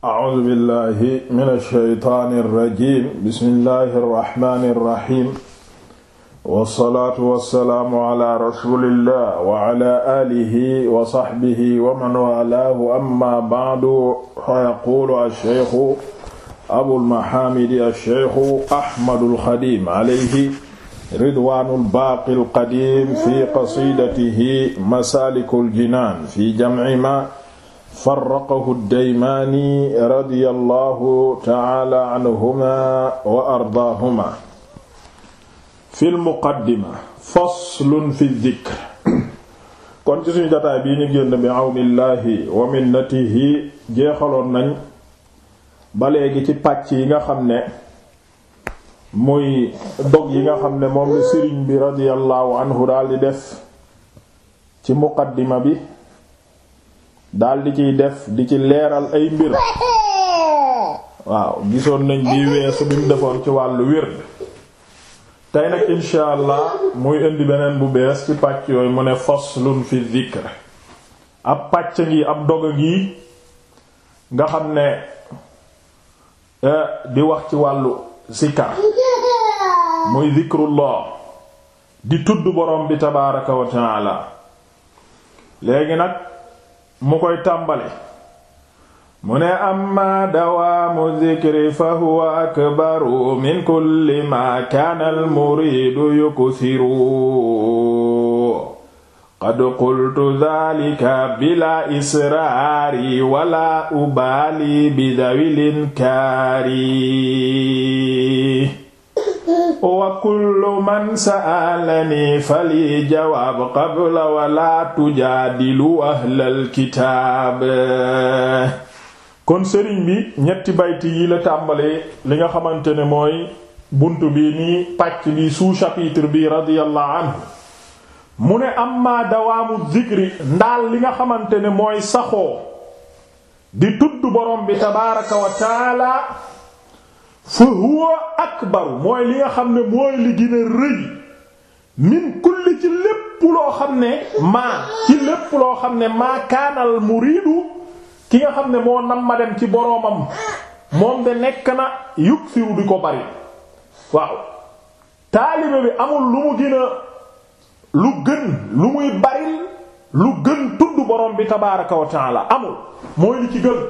A'uuzu billaahi mina shaytaani rajiim bismillaahi rahmaani rahiim wassalaatu wassalaamu alaa rasuulillaah wa alaa aalihi wa sahbihi wa man waalaahu ammaa ba'du fa yaquulu ash-shaykhu abul mahaamidi ash-shaykhu Ahmadul Xadiim alayhi ridwaanul baaqil qadiim fi qasiidatihi masaalikul jinaan fi jam'i maa farraqahu ad-Daymaani radiyallahu ta'ala anhuma wa ardaahuma fil muqaddima faslun fi dhikr kon ci suñu jotaay bii ñu génn bi awnillahi wa minnatihi jeexaloon nañ ba léegi ci pàcc yi nga xam ne muy dog yi nga xam ne moom la sëriñ bi radiyallahu anhu daal di def ci muqaddima bi daal di ciy def di ci leeral ay mbir waaw gisoon nañ bii weesu bi mu defoon ci wàllu wird tey nag insha allah muy indi beneen bu bees ci pàcc yooyu mu ne faslun fi zikr ab pàcc ngi ab dog gi nga xam ne eh, di wax ci wàllu zikar muy zikrullah di tudd boroom bi tabaaraka wa taala léegi nag mu koy tàmbale mu ne amma dawaamu zikri fa min kulli ma kaana almuriidu yuksiru qad qultu bila israari wala ubaali bidawilinkaari wa kullu man sa'alani fali jawaab qabla wala tujaadilu ahlal kitaab kon sëriñ bi ñetti bayti yi la tàmbalee li nga xamante ne mooy bunt bi nii pàcc bi sous-chapitre bi radiyallahu anhu mu ne amma dawaamu zikri ndaal li nga xamante ne mooy saxoo di tudd borom bi tabaaraka wa taala fa huwa akbaru mooy li nga xam ne mooy li gën a rëy min kulli ci lépp loo xam ne maa ci lépp loo xam ne maa kaanal mu muriidu ki nga xam ne moo nam ma dem ci boroomam moom de nekk na yuksiru di ko bari waaw taalibe bi amul lu mu gën lu gën lu muy bari lu gën tudd borom bi tabaaraka wa taala amul mooy li ci gën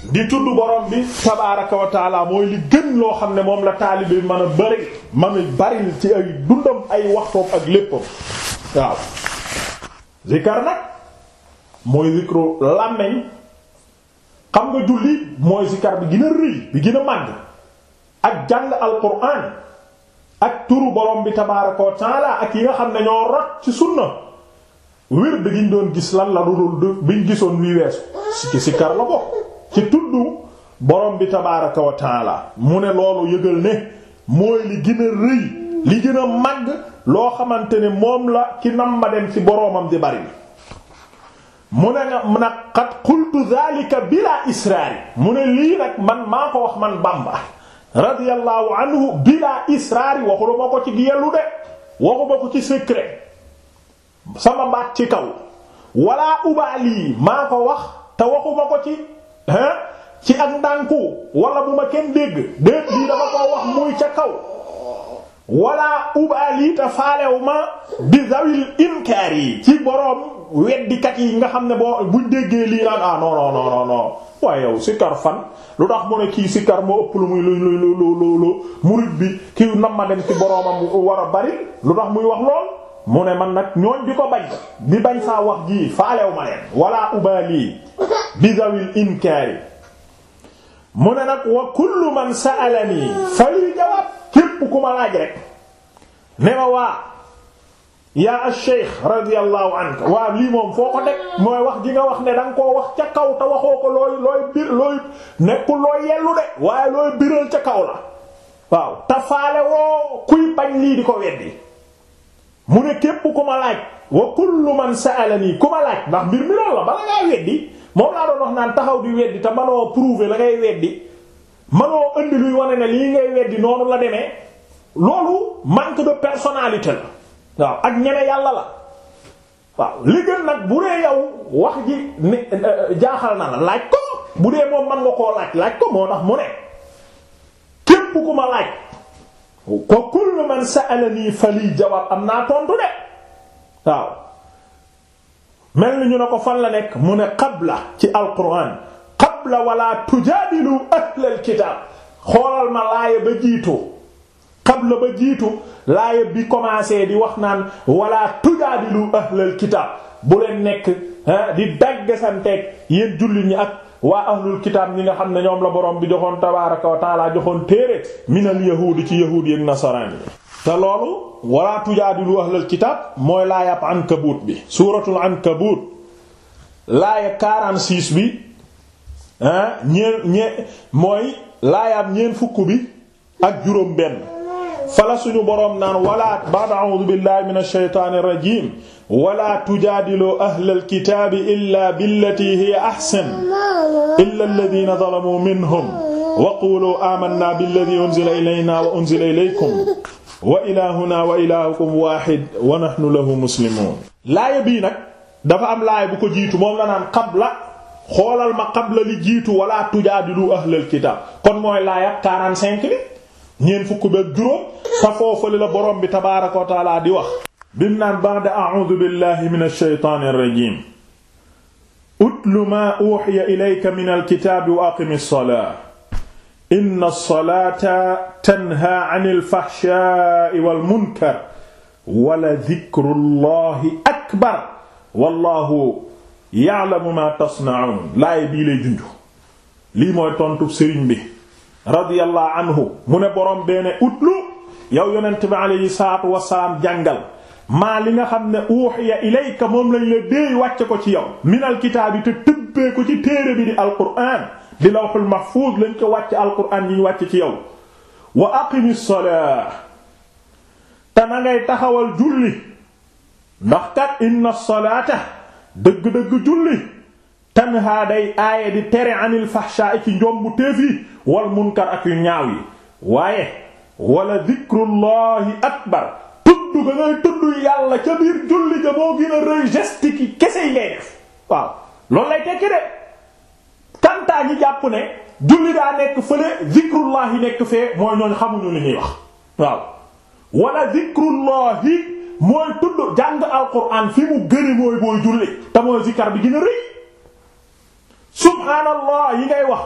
di tudd borom bi tabaaraka wa taala mooy li gën loo xam ne moom la taalibe bi mën a bëri mën a bari ci ay dundam ay waxtoom ak léppam waaw zikar nag mooy zikru làmmeñ xam nga julli mooy zikar bi gën a rëy bi gën a màgg ak jàng alquran ak turu borom bi tabaaraka ak yi nga xam ne ñoo rot ci sunna wird bi ñu doon gis lan la dul biñ gisoon luy weesu ci la bokk ci tudd borom bi tabaaraka wa mu ne loolu yëgal ne mooy li gën rëy li gën a loo xamante ne moom la ci nam ma dem ci boroomam di bari mu ne nga nag qad qultu zalika bila israari mu ne lii nag man maa ko wax man Bamba radiyallahu anhu bila israari waxu ko ci giyelu de waxu ko ci secret sama baat ci kaw wala ubaali maa ko wax te waxu ko ci ci ak ndànku wala bu ma kenn dégg déet lii dafa koo wax muy ca kaw wala ubaali te faalew ma bi zawil inkaar yi ci boroom weddikat yi nga xam ne boo buñ déggee lii naan ah non non non waaye yow sikkar fan lu tax mu ne kii sikkar moo ëpp lu muy lu lu lu lu lu murid bi kii nam ma dem ci boroomam war a bari lu tax muy wax lool mu ne man nag ñooñ bi ko bañ di bañ saa wax jii faalew ma leen wala ubaali bi zawil inkaari mu ne nag wa kullu man sa'alani fali jawaab képp ku ma laaj rek ne ma waa yaa ash-shaykh radiyallahu anka waa lii moom foo ko teg mooy wax ji nga wax ne da koo wax ca kaw te waxoo ko looy looy bir looy nekkul looy yellu de waaye looy biral ca kaw la waaw tafaale woo kuy bañ lii di ko weddi mu ne képp ku ma laaj wa kullu man sa'alani ku ma laaj ndax mbir mi lool la bala ngaa weddi moom laa doon wax naan taxaw di weddi te manoo prouver la ngay weddi manoo indi luy wane ne lii ngay weddi noonu la demee loolu manque de personnalité la waaw ak ñeme yàlla la waaw li gën nag bu dee yow wax ji ne eh, eh, jaaxal na la laaj ko bu dee moom man nga koo laaj laaj ko moo tax mu ne képp ku ma laaj ko kullu man sa'alani fali jawaab am naa tontu de waaw mel ni ñu ne ko fan la nekk mu ne la ci alquran qabla wala tujaadilu ahlal kitaab xoolal ma laaya ba jiitu la ba jiitu laaya bi commencé di wax naan wala tujaadilu ahlal kitaab bu leen nekk di daggasanteeg yéen jullit ñi ak waa ahlul kitaab ñi nga xam ne ñoom la borom bi joxoon tabaaraka wa taala joxoon téere minal yahuudi ci yahuudi ak nasaraan yi te loolu wala tujaadilu ahlal kitaab mooy laayab ankabuut bi suuratul ankabuut laaya 46 bi ñeen ñeen mooy laayab ñeen fukk bi ak juróom benn fala suñu boroom naan wala ba'da a'uudu billahi minash shaytaanir rajiim wala tujaadilu ahlal kitaabi illaa billatii hiya ahsan illaa alladhiina zalamuu minhum wa quuluu aamanna billadhii unzila ilaynaa wa unzila ilaykum wa ilaahuna wa ilaahukum waahid wa nahnu lahu muslimuun laaya bii nag dafa am laaya bu ko jiitu moom la naan qabla xoolal ma qabla li jiitu wala tujaadilu ahlal kitaab kon mooy laaya 45 bi ñeent fukk ba juróom te foofale la borom bi tabaaraka wa taala di wax bim naan ba'da a'uudu billahi minash shaytaanir rajiim utlu maa uuhiya ilayka minal kitaabi wa aqimis salaata inna salaata tanha anil fahshaa'i wal munkar wala dhikrullahi akbar wallahu ya'lamu ma tasna'un laay bii lay junj lii mooy tontu sëriñ bi radiyallahu anhu mu ne borom beene utlu yow yonent bi alayhi salaatu wasalaam jàngal maa li nga xam ne uuhiya ilayka moom lañ la déey wàcce ko ci yow minal kitaabi te tëbbee ko ci téere bi di alquraan di lawhul mahfuuz lañ ko wàcce alquraan yi ñu wàcce ci yow wa aqimi salaa te na taxawal julli ndax kat inna salaata dëgg-dëgg julli tanhaa day aaya di tere anil fahshaa ci njombu téef yi wal munkar ak yu ñaaw yi waaye wala dikrullahi akbar tudd ga ngay tudd yàlla ca biir julli ga moo a rëy geste ki kese lay tekki de kantaa ñi jàpp ne julli daa nekk fële zikrullahi nekk fee mooy ñooñ xamuñu li ñuy wax waaw wala zikrullahi mooy tudd jàng alquran fi mu gëne mooy booy julli te mooy zikar bi gën a rëy subhaanallah yi ngay wax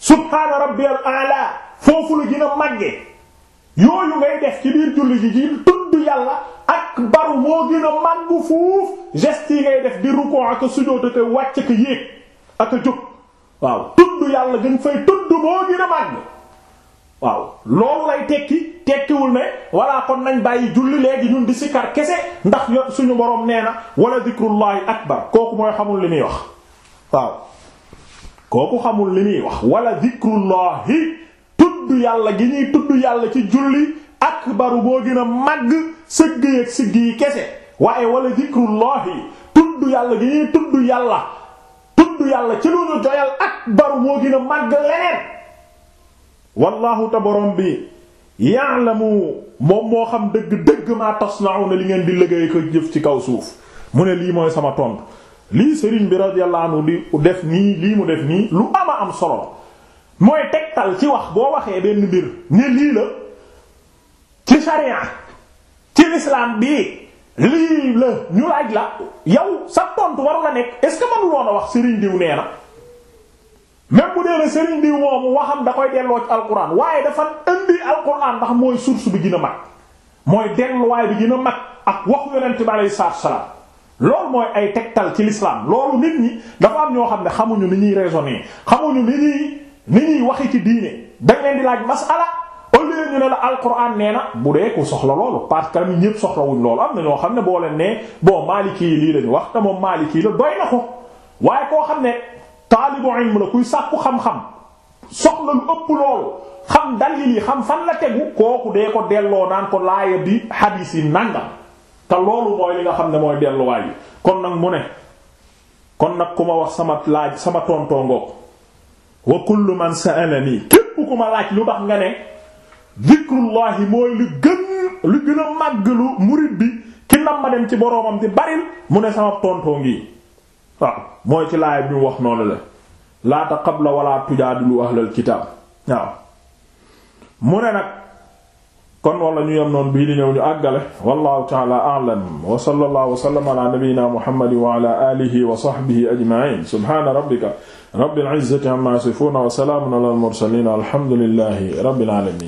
subhaana rabbiyal a'la foofu la gën a màgge yooyu ngay def ci biir julli gi gi tudd yàlla ak baru moo gën a màgg fuuf geste yi ngay def di ruku ak a sujóot ak a wàcc ak a yéeg ak a jóg waaw tudd yàlla gën fay tudd moo gën a màgg waaw loolu lay tekki tekkiwul ne walla kon nañ bàyyi julli léegi ñun di sikar kese ndax yo suñu boroom nee na wala dikrullahi akbar kooku mooy xamul li muy wax waaw kooku xamul li muy wax wala dikrullahi tudd yàlla gi ñuy tudd yàlla ci julli akbaru boo gën a màgg sëgg ak sigg yi kese waaye wala dikrullahi tudd yàlla gi ñuy tudd yàlla tudd yàlla ci lu ñu doyal akbar moo gën a màgg leneen wallahu te borom bi ya'lamu moom moo xam dëgg-dëgg maa tasna'una li ngeen di liggéey ko jëf ci kaw suuf mu ne lii mooy sama tontu lii sëriñ bi radiyallahu anhu di def nii lii mu def nii lu ama am solo mooy tegtal ci wax boo waxee benn mbir ne lii la ci sharia ci lislaam bi lii la ñu laaj la yow sa tontu war la nekk est ce que mënu loon a wax Serigne Diw nee na même bu dee ne Serigne Diw moomu waxam da koy delloo ci alquran waaye dafa indi alquran ndax mooy source bi gën a mag mooy delluwaay bi gën a mag ak waxu yonent bi aleyhi salaatu salaam loolu mooy ay tegtal ci lislaam loolu nit ñi dafa am ñoo xam ne xamuñu ni ñuy raisonner xamuñu ni ñuy ni waxi ci diine dañ leen di laaj masala dee ñu ne la nee na bu dee ku soxla loolu parce que tamit ñépp soxlawuñ loolu am na ñoo xam ne boo leen nee bon Maliki yi lii lañu wax te moom Maliki la doy na ko waaye koo xam ne taalibu ilm la kuy sàkku xam-xam soxla lu ëpp loolu xam dalil yi xam fan la kooku dee ko delloo naan ko laaya bi hadis yi nangam te loolu mooy li nga xam ne mooy delluwaay yi kon nag mu ne kon nag ku ma wax sama laaj sama tontongoog wa kullu man sa'alani képp ku ma laaj lu tax nga ne zikrullahi mooy lu gën lu gën a màgg lu murid bi ki nam dem ci boroomam di baril mu ne sama tontoo ngi waaw mooy ci laay bi mu wax noonu la laata qabla wala tujaadilu ahlal kitaab waaw mu ne nag kon wala ñu yem noonu bii di ñëw ñu àggale wallahu ta'ala a'lam wa sallallahu wa sallama ala nabiyyina muhammadin wa ala alihi wa sahbihi ajma'in subhana wa salamun ala al mursalin alhamdulillahi